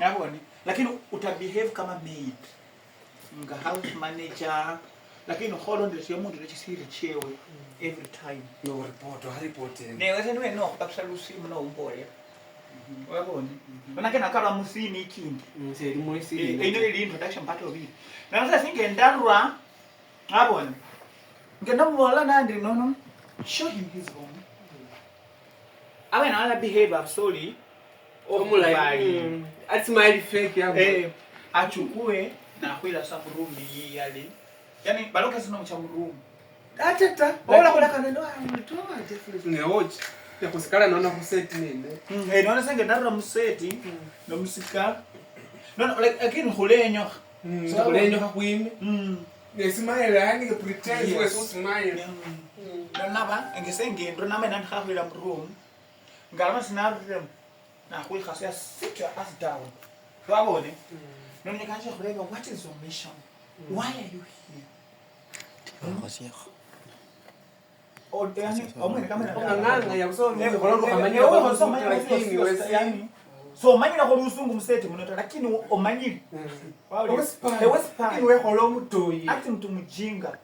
Naboni? Lakini utabehave kama maid. Mga house manager. Lakini holo ndio sio mtu ndachisiri chewe every time. No report, ha report. Ne wese nwe no no absolusi mno umbole. Waboni? Mhm. Mhm. Manake nakala musini ikindi. Mse mm, limwisi. Eh, ino ili introduction part of it. Na sasa singendarwa. Naboni? Ngendamubola nandi nono. Show him his own. Awe na ala behave absolutely okubali oh, ati fake yabo eh achukue na kwila sa Burundi yale yani baloka zino mcha Burundi atata wala kula kanendo alitoa Jeffrey ngeoji yakusikala naona kuseti nene mm. Eh, naona sange ndarra museti mm. nomusika naona like lakini hulenyoka mm. mm. so, hulenyoka kwime mm. mm. nesimile yani ngalama sinaruremo nakulikha so sit your ass down wabone nomnikanje mm. khuleba what is your mission mm. why are you here somanyile khola usungu musete munota lakini omanyile ewesipaiwekhola omudoyi mujinga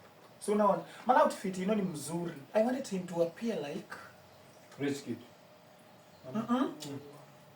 So unaona, outfit ino ni mzuri. I wanted him to appear like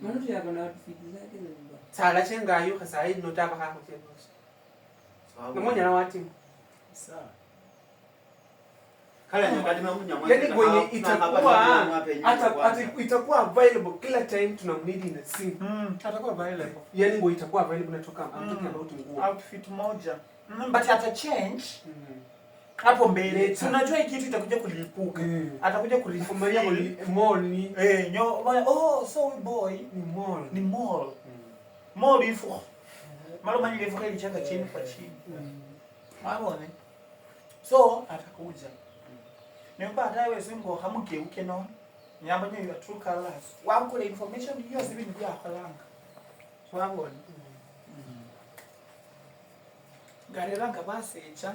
Manu tuyako na watu fiti zake za nyumba. Sala chenga ayo kasa hii notaka kako chenga. Sawa. Mmoja na watu. Sawa. Kala nyoka dima mmoja mmoja. Yaani kwenye itakuwa hata itakuwa available kila time tunamnidi in a Mm, atakuwa available. Yaani ngo itakuwa available natoka I'm hmm. about nguo. Outfit moja. But hmm. ata Mm hapo mbele si unajua kitu itakuja kulipuka mm. atakuja kulifumbia yaani, mall ni eh nyo oh so boy ni mall ni mall mm. mall ifo malo mali ifu kali chaka chini kwa chini mm. mabone so atakuja mm. nimba hata wewe singo hamuke uke no nyamba nyo ya true colors wangu information hiyo sibi ni ya kalanga mabone mm. mm. gari langa basi cha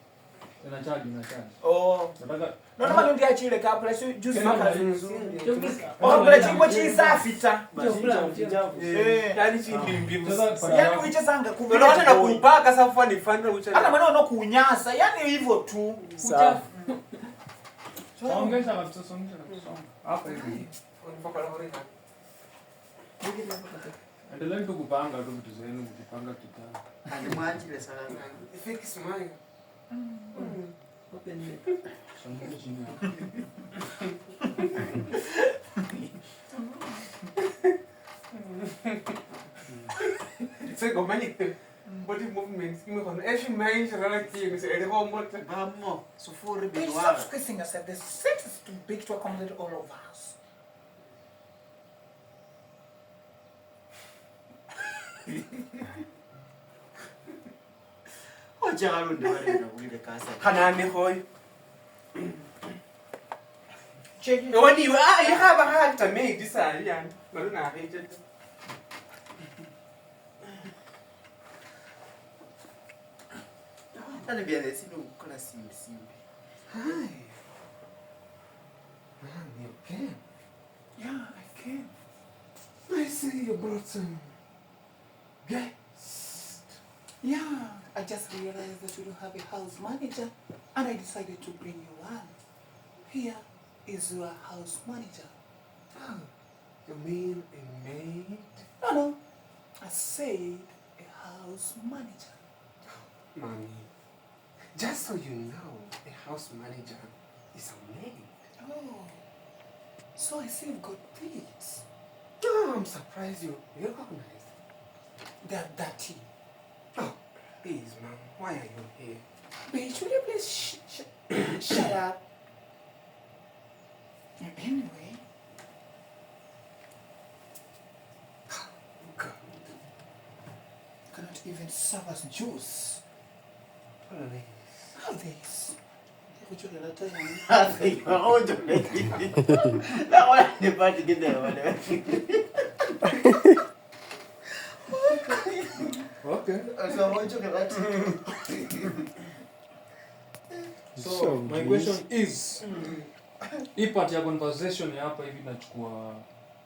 Tena charge hivyo tu. Safi. Ongeza tu vitu zenu, kupanga kitanda. Só um pouquinho. Você como é que body movements me kon e shimai shirana king se ele ho mota ba mo so for be wa stop squeezing yourself the bakyalo ndebalenaulire kansa khanamikhoyo ewaniwe yekhaba khalitamedi sali yani balonakheja ta anabyanasina okukola simbi simbi Man, you can. Yeah, I can. I see you brought some Yeah. I just realized that we don't have a house manager and I decided to bring you one. Here is your house manager. Oh, you mean a maid? No, no. I said a house manager. Mommy, just so you know, a house manager is a maid. Oh, so I see you've got things. Oh, I'm surprised you recognize They're dirty. Please, man, why are you here? Bitch, will you please sh- sh- shut up? Anyway. God. Cannot even serve us juice. What are these? Have these. I want to make think I'm about to get there. Okay. So I want you to that. So, so my question is mm-hmm. hii part ya conversation hapa hivi inachukua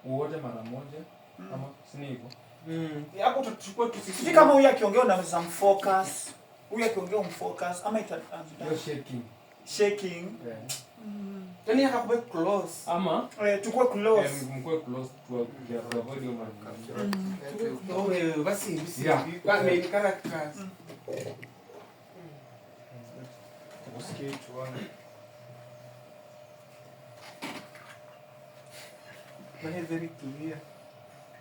wote mara moja mm. ama si ni hivyo mm. hapo tutachukua tu sisi kama huyu akiongea unaweza mfocus huyu akiongea umfocus ama ita, ita, ita shaking yani hakuwe close ama eh, close eh, mkue close tu to avoid your man oh basi basi kwa main characters mm. usikie tuone Very clear.